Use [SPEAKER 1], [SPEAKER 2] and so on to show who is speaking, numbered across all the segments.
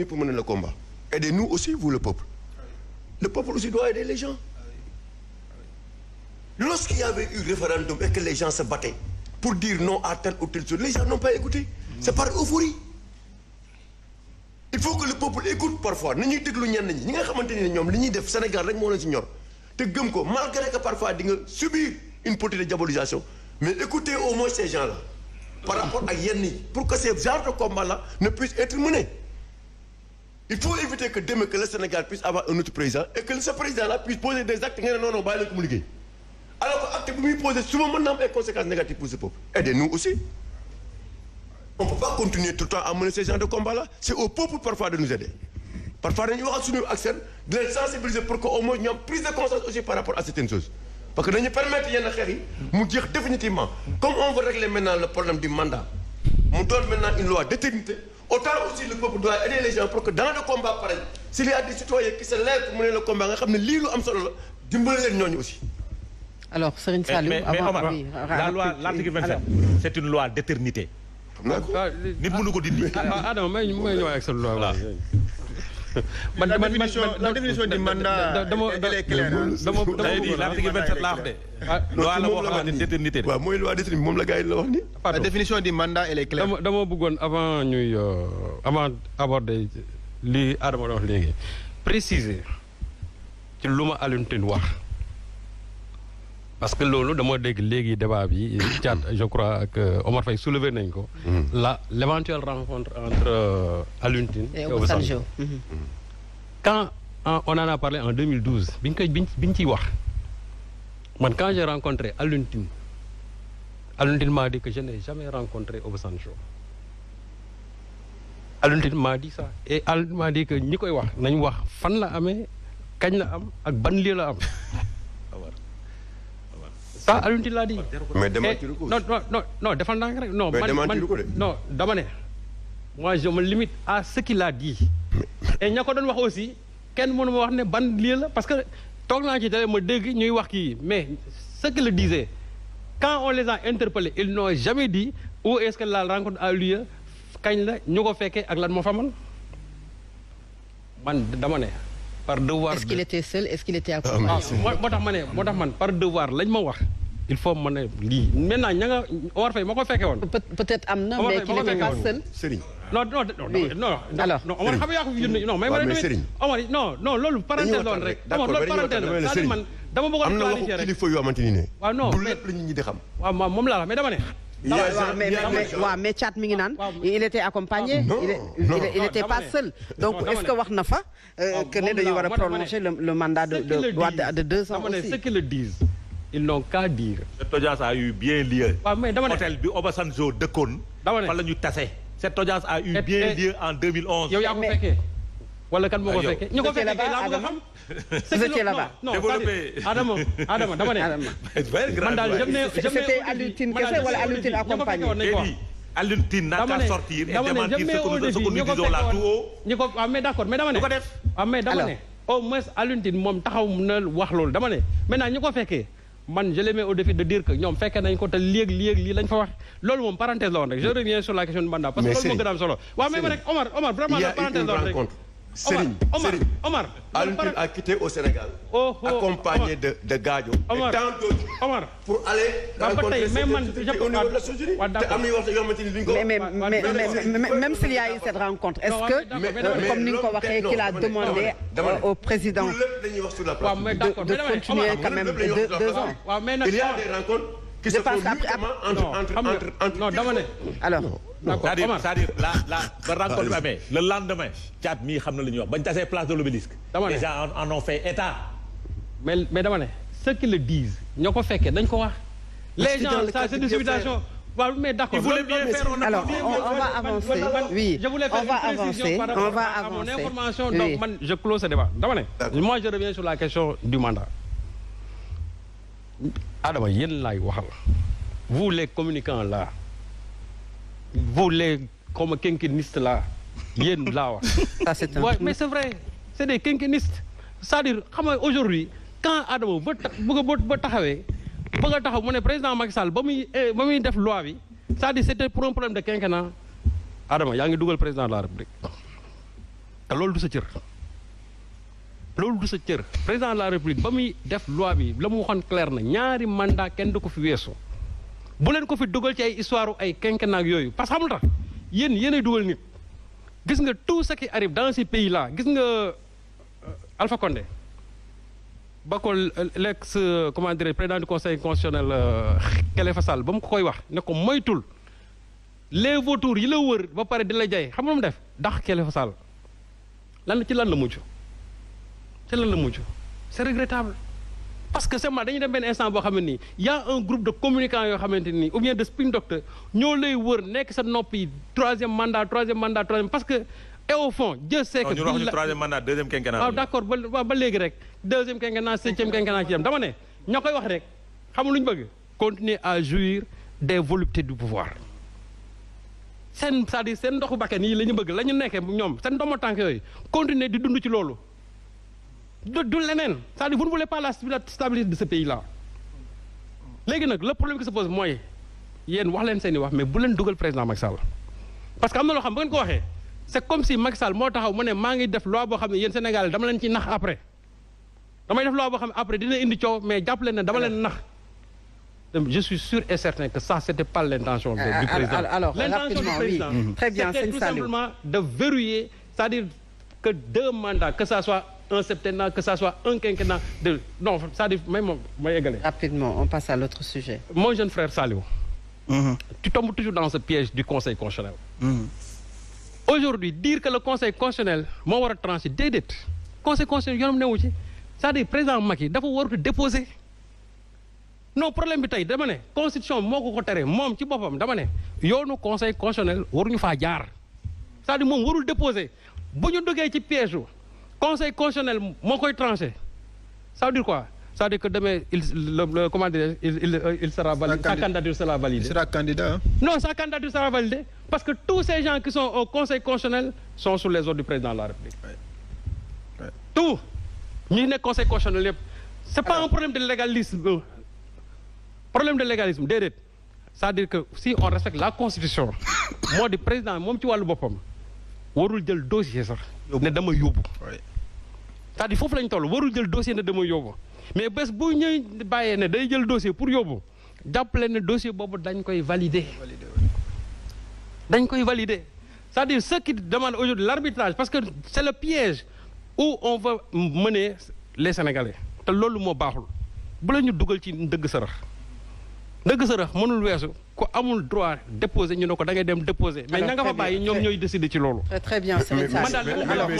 [SPEAKER 1] ñu pour mener le combat aidez nous aussi vous le peuple le peuple aussi doit aider les gens lorsqu'il y avait eu référendum et que les se battaient pour dire non à telle ou telle chose les gens n'ont par euphorie il faut que le peuple écoute parfois na ñuy déglu ñenn ñi ñi nga xamante ni ñoom li ñuy def Sénégal rek moo leen ci ñor te gëm ko malgré que parfois di nga subir une politique de diabolisation mais écoutez au moins ces gens-là par rapport ak yenn pour que ces genres de combat là ne puissent être il faut éviter que demain que le Sénégal puisse avoir un autre président et que ce président-là puisse poser des actes nga ne non non bàyyi leen alors que acte bu muy poser souvent mën na am ay conséquences négatives pour ce peuple. aidez-nous aussi on peut pas continuer tout le temps à mener ce de combat-là c'est au peuple parfois de nous aider parfois dañuy wax ak suñu ak seen prise de conscience aussi par rapport à certaines choses. parce que dañu autant aussi le peuple doit aider pour que dans le combat pareil s'il y a des citoyens qui se lèvent pour mener le combat nga xam ne lii lu am solo la dimbali leen ñooñu aussi. alors Serigne Saliou mais mais Omar la loi l'article 27
[SPEAKER 2] c'est une loi d'éternité. xam naa ko ah, nit mënu ko dindi. Ah, Adama may may ñëwaat ak sa loi.
[SPEAKER 1] man man man la définition du mandat est claire dama l'article 27 laa wax de. la boo xamante ni d'éternité waaw mooy loi moom la gars yi la wax ni la définition du mandat elle est claire.
[SPEAKER 2] avant ñuy euh, avant aborder li Adama doon léegi préciser ci lu ma Alioune Tine wax. parce que loolu dama dégg léegi débat bi Thiat je crois que Omar Faye soulevé nañ ko. Hmm. la l' éventuelle rencontre entre euh, Alioune Tine et Obasanjo hmm. Hmm. quand euh, on en parlé en 2012 biñ koy biñ biñ ciy wax man quand j'ai rencontré Alioune Tine Alioune Tine m'a dit que je n'ai jamais rencontré Obasanjo Alioune Tine et Alioune m'a dit ñi koy wax nañ wax fan la amee kañ la am ak ban lii la am. sa Alioune Tine laa di. Oh, mais demal ci eh, recours non non non defal naa rek non. mais demal ci recours de non à ce qu'il a dit. et ña ko doon wax aussi kenn mënu ma wax ne ban lii la parce que toog naa ci télé ma dégg ñuy wax kii mais ce qu'il disait quand on les a interpellés ils n'ont jamais dit où est que la rencontre a lieu kañ la ñu ko fekkee ak lan moo fa man man dama par devoir. est-ce qu'il
[SPEAKER 3] a seul est-ce qu'il était accompagné. Ah, waaw moo
[SPEAKER 2] tax ma ne moo tax man par devoir lañ ma wax. il faut mën a lii maintenant ña nga Omar Faye moo ko fekkee woon.
[SPEAKER 3] peut-être am na mais qu'il n'était pas seul.
[SPEAKER 2] Serigne. non loolu rek. dama bëggoon clarifier rek am na waxu
[SPEAKER 1] kilifa yu amante ne. waaw non moom laa la mais dama ne. waaw mais waaw
[SPEAKER 3] mais ngi naan. il était accompagné. Ah, il était pas seul. donc est-ce que wax na fa. Euh, oh, que ne dañu war a prolonger le mandat de de de deux ans
[SPEAKER 2] aussi. ce qu'ils disent ils n'ont qu'à dire. cette audience a eu bien lieu. waaw bi Obasanjo dëkkoon. dama ne a eu bien lieu en 2011. yow fekkee wala kan moo ko ah, fekkee ñu ko fekkee kay laa bëgg a xam. Adama Adama dama ne. man daal jëm eh ne jëm ne c'était Alioune ah, d'accord mais dama ne. du ko ah, moom taxaw na wax loolu dama ne maintenant ñu ko fekkee. man je les mets au défi de dire que ñoom fekkee nañ ko te léeg léeg lii lañ fa wax loolu moom parenthèse la woon rek je reviens sur la question du am solo waaw mais rek Omar parenthèse la woon
[SPEAKER 1] rek Serigne Serigne a quitté au Sénégal. Oh, oh, accompagné de de Gadio. Omar et tant d'autres mais mais s'il y a eu cette rencontre est-ce que. comme ni
[SPEAKER 3] nga ko waxee a demandé.
[SPEAKER 1] Euh, au président. de continuer quand même deux ans. il y a des rencontres. qui je se pense après entre, entre, entre,
[SPEAKER 2] entre non dama ne. alors d'accord c'est-à-dire la ba ah, rencontre bi amee le lendemain. caat mii xam na lu ñuy wax bañ tasee place de l'obélisque. dama en ont fait état. mais mais dama qui le disent. ñoo ko fekkee dañ ko wax. les gens ça c'est des invitations. waaw mais d'accord on va avancer oui je voulais faire une précision par rapport à mon information donc je close ce débat dama moi je reviens sur la question du Adama yéen laay waxal vous les communicants la vous les comme quinquinistes la yéen laa wax. ça c'est un mais c'est vrai c'est des quinquinistes c'est-à-dire xam nga aujourd'hui quand Adama ba ba taxawee ba taxaw mu ne président Macky Sall ba muy eh, ba muy def loi bi c'est-à-dire c'était pour un problème de quinquennat Adama yaa ngi dugal président de la République loolu du sa cër. loolu du sa cër président la république ba muy def loi bi la mu waxoon clair na ñaari mandat kenn du ko fi weesu bu leen ko fi dugal ci ay histoire ay quinquennat yooyu parce que xamul tax yéen yéenay dugal nit gis nga tout ce qui arrive dans ces pays gis nga euh, Alpha Condé ba ko l'ex euh, comment dirais président du conseil constitutionnel euh, Khalifa Sall ba mu ko koy wax ne ko moytul les vautours yi la wër ba pare di la jaay xam nga mu def ndax Khalifa Sall lan ci lan la mujj te lan la mujj c'est regrettable parce que seulement dañu dem benn instant boo xam ne nii y a un groupe de communicants yoo xamante nii ou bien de spin docteurs ñoo lay wër nekk sa nopp yi troisième mandat troisième mandat troisième parce que et au fond Dieu sait que. ñu wax ñu troisième mandat deuxième quinquennat. ba waaw ba léegi rek deuxième quinquennat septième quinquennat ci dem dama ne ñoo koy wax rek xam lu ñu bëgg. continuer à jouir des voluptés du pouvoir seen cest seen ndoxu bakkan yi la ñu bëgg la ñu nekkee ñoom seen doomu tànk yooyu continuer di dund ci loolu. du du leneen c'est-à-dire vous ne voulez pas la stabilité de ce pays là léegi nag le problème qui se pose mooy yéen wax leen seen i wax mais bu leen dugal président Macky Sall parce que am na loo xam ba ko waxee c'est comme si Macky moo taxaw mu ne maa ngi def loi boo xam ne yéen Sénégal dama leen ci nax après damay def loi boo xam ne après dina indi coow mais jàpp leen ne dama leen nax je suis sûr et certain que ça c'était pas l'intention ah, du ah, président alors président oui. un septennat que ça soit un quinquennat de non cest dire may moom may eggale. rapidement on passe à l'autre sujet. mon jeune frère Saliou. Mmh. tu tombes toujours dans ce piège du conseil constitutionnel. Mmh. aujourd'hui dire que le conseil moo war a tranché déedéet conseil constitutionnel ne newu ci c'est-à-dire président Macky dafa warut déposé non problème bi tey dama ne constitution moo ko ko tere moom ci boppam dama ne yoonu conseil constitutionnel waruñu faa jaar cest dire moom warul déposer bu ñu duggee ci piège conseil constitutionnel moo koy tranché ça veut dire quoi ça veut dire que demain il le, le comment dire il il euh, il sera validé. sa candidature sera validée. sera candidat hein? non sa candidature sera validée parce que tous ces gens qui sont au conseil sont sous les ordres du président de la république. Ouais. Ouais. tout ñi nekk conseil constitutionnel yëpp. c'est pas Alors, problème de légalisme problème de légalisme déedéet c'est-à-dire que si on respecte la constitution moo di président moom ci wàllu boppam. warul jël dossier sax. ne dama yóbbu. c'est-à-dire foofu lañ toll warul jël dossier ne dama yóbbu mais bés bu ñuy bàyyee ne day jël dossier pour yóbbu jàppale ne dossier boobu dañ koy valider. dañ koy valider c'est-à-dire ce qui demande aujourd'hui l'arbitrage parce que c'est le piège où on va mener les Sénégalais te loolu moo baaxul bu la ñu dugal ci ndëgg sarax ndëgg sërëx mënul weesu ku amul droit déposer ñu ne ko da ngay dem déposer.
[SPEAKER 1] mais ña nga fa bàyyi ñoom ñooy décider
[SPEAKER 2] ci loolu. très bien sëñ man daal li le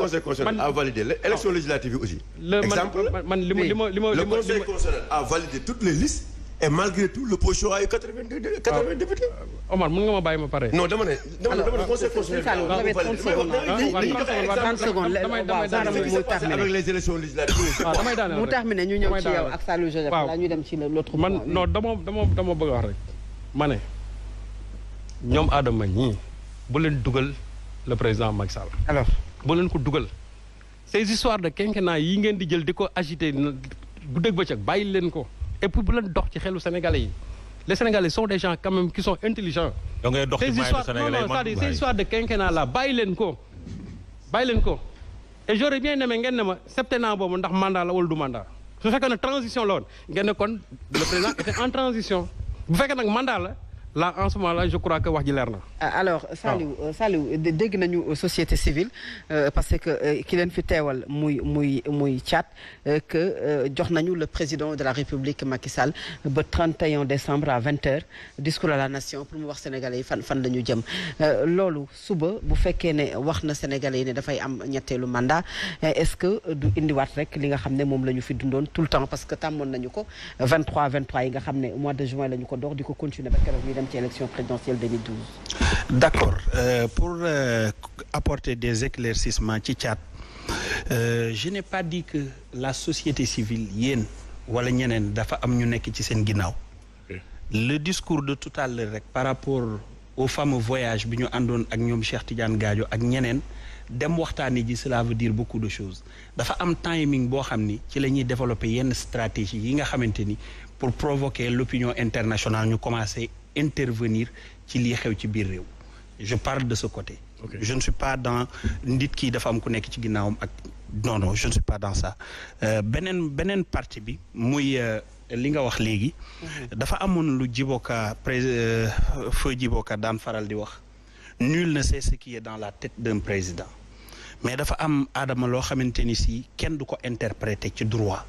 [SPEAKER 2] conseil
[SPEAKER 1] constitutionnel a validé l'élection législative yi aussi. exemple man li ma li ma li ma le conseil constitutionnel a validé toutes les listes. et malgré tout l'opposition a eu quatre-vingt-deux députés. Ah. Omar mën nga ma bàyyi ma pare. non dama ne dama ne dama ne conseil constitutionnel. avec les élections ah, damay daaneel mu tax mi ne ñu ñëw ci
[SPEAKER 2] yow ak Saliou Joseph. la ñu dem man non dama bëgg wax rek. ma ne ñoom Adama ñii bu leen dugal le président Macky Sall. bu leen ko dugal. ces histoires de quinquennat yi ngeen di jël di ko agiter guddeeg bëccëg bàyyi leen ko. et pour bu leen dox ci xelu sénégalais yi les sénégalais sont des gens quand même qui sont intelligents. donc ngay dox ci maay sénégalais non non c'est-à-dire ces histoires de quinquennat leen ko bàyyi leen ko. et j'aurais bien aimé ngeen ne ma septennat boobu ndax mandat la wala du mandat su fekkee ne transition la woon kon le président était en transition bu fekke nag mandat la. là en ce moment là je crois que wax ji leer na.
[SPEAKER 3] Ah, alors ah. Saliou euh, Saliou dégg nañu société civile euh, parce que euh, ki leen fi teewal muy muy muy Tchad que jox nañu le président de la République Macky Sall ba 31 décembre à 20 heures discours à la nation pour mu wax sénégalais yi fan fan la ñu jëm loolu suba bu fekkee ne wax na sénégalais yi ne dafay am ñetteelu mandat est-ce que du indiwaat rek li nga xam ne moom la ñu fi dundoon tout le temps parce que tàmmoon nañu ko 23 23 yi nga xam dem ci élection d' accord euh, pour euh, apporter des éclaircissements ci caat euh, je n'ai pas dit que la société civile yéen wala ñeneen dafa am ñu nekk ci seen ginnaaw. le discours de tout à rek par rapport au fameux voyage bi ñu àndoon ak ñoom Cheikh Tidiane gaajo ak ñeneen dem waxtaani ji cela veut dire beaucoup de choses dafa am timing boo xam ni ci la ñuy yenn stratégie yi nga xamante ni pour provoquer l'opinion internationale ñu commencer intervenir ci lii xew ci biir réew je parle de ce côté okay. je ne suis pas dans nit kii dafa am ku nekk ci ginnaawam ak non non je ne suis pas dans ça euh, beneen beneen partie bi muy euh, li nga wax léegi mhm. dafa amoon lu jiboka pré euh, foo jibooka daan faral di wax nul ne sait ce dans la tête d'un président mais dafa am aadama loo xamante ni si kenn du ko interpréter ci droit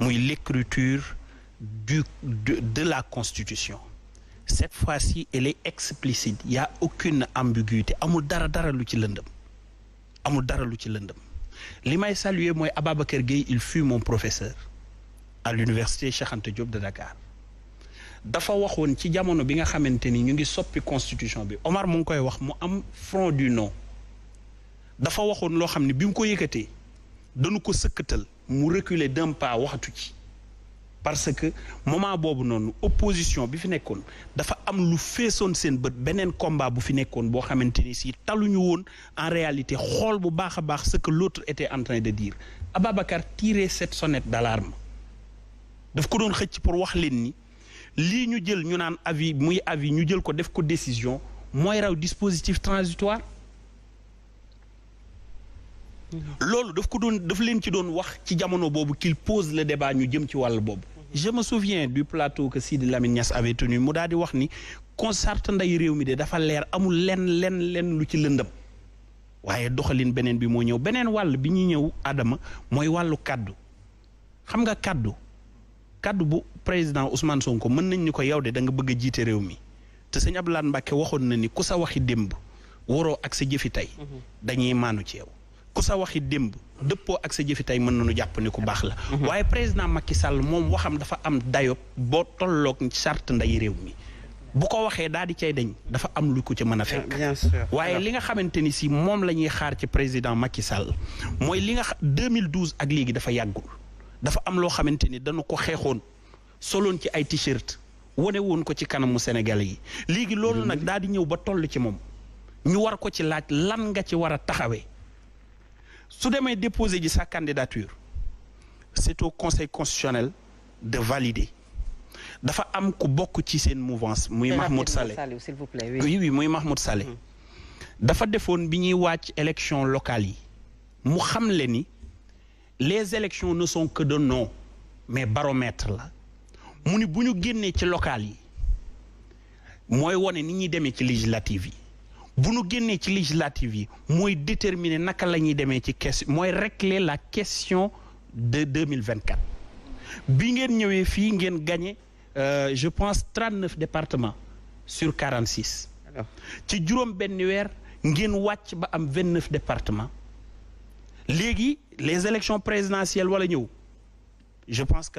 [SPEAKER 3] muy l'écriture de, la Constitution. Cette fois-ci, elle est explicite. Il n'y a aucune ambiguïté. amul dara dara lu ci lëndëm amul dara lu ci lëndëm li may saluer mooy Ababacar Gueye il fut moom professeur à l'université Cheikh Anta de Dakar dafa waxoon ci jamono bi nga xamante ni ñu ngi soppi constitution bi Omar mu ngi koy wax mu am front du non dafa waxoon loo xam ne bi mu ko yëkkatee dañu ko sëkkatal mu reculer d'un pas waxatu ci parce que moment boobu noonu opposition bi fi nekkoon dafa am lu feesoon seen bët beneen combat bu fi nekkoon boo xamante ni si taluñu woon en réalité xool bu baax a baax ce que l'autre était en de dire Ababacar tirer cette sonnette d'alarme daf ko doon xëcc pour wax leen ni lii ñu jël ñu naan avis muy avis ñu jël ko def ko décision mooy raw dispositif transitoire mm-hmm. loolu daf ko doon daf leen ci doon wax ci jamono boobu qu'il pose le débat ñu jëm ci wàll boobu je me souviens du plateau que Sidi Lamine Niass avait tenu mu daa di wax ni concert nday réew mi de dafa leer amul lenn lenn lenn lu ci lëndëm waaye doxalin beneen bi moo ñëw beneen wàll bi ñuy ñëw aadama mooy wàllu kàddu xam nga kàddu kàddu bu président Ousmane Sonko mën nañ ni ko yow de da nga bëgg jiite réew mi te sëñ Abdoulaye Mbacke waxoon na ni ku sa waxi démb waroo ak sa jëfi tey mhm. dañuy maanu ci yow ku sa waxi démb dëppoo ak sa jëfi tey mën nañu jàpp ni ku baax la mhm. waaye président Macky Sall moom waxam dafa am dayob boo tolloog charte nday réew mi bu ko waxee daal di cay dañ dafa am lu ko ci mën a fekk waaye li nga xamante ni si moom la ñuy xaar ci président Macky Sall mooy li nga 2012 ak léegi dafa yàggul dafa am loo xamante ni dañu ko xeexoon soloon ci ay t-shirt wane woon ko ci kanamu Sénégal yi léegi loolu mhm. nag daal di ñëw ba toll ci moom ñu war ko ci laaj lan nga ci war a taxawee su demee déposé ji sa candidature c'est au conseil constitutionnel de valider dafa am ku bokk ci seen mouvance muy Mahmoud Saleh s'il vous plaît oui oui muy Mahmoud Saleh mm-hmm. dafa defoon bi ñuy wàcc élection locale yi mu xam le ni les élections ne son que de non mais baromètre la mu ni bu ñu génnee ci locale yi mooy wone ni ñuy demee ci législative yi bu nu génnee ci législative yi mooy déterminer naka la ñuy demee ci question mooy régler la question de 2024 bi ngeen ñëwee fii ngeen gagné euh, je pense 39 départements sur 46 ci juróom benn weer ngeen wàcc ba am vingt 29 départements léegi les élections présidentielles wala ñëw je pense que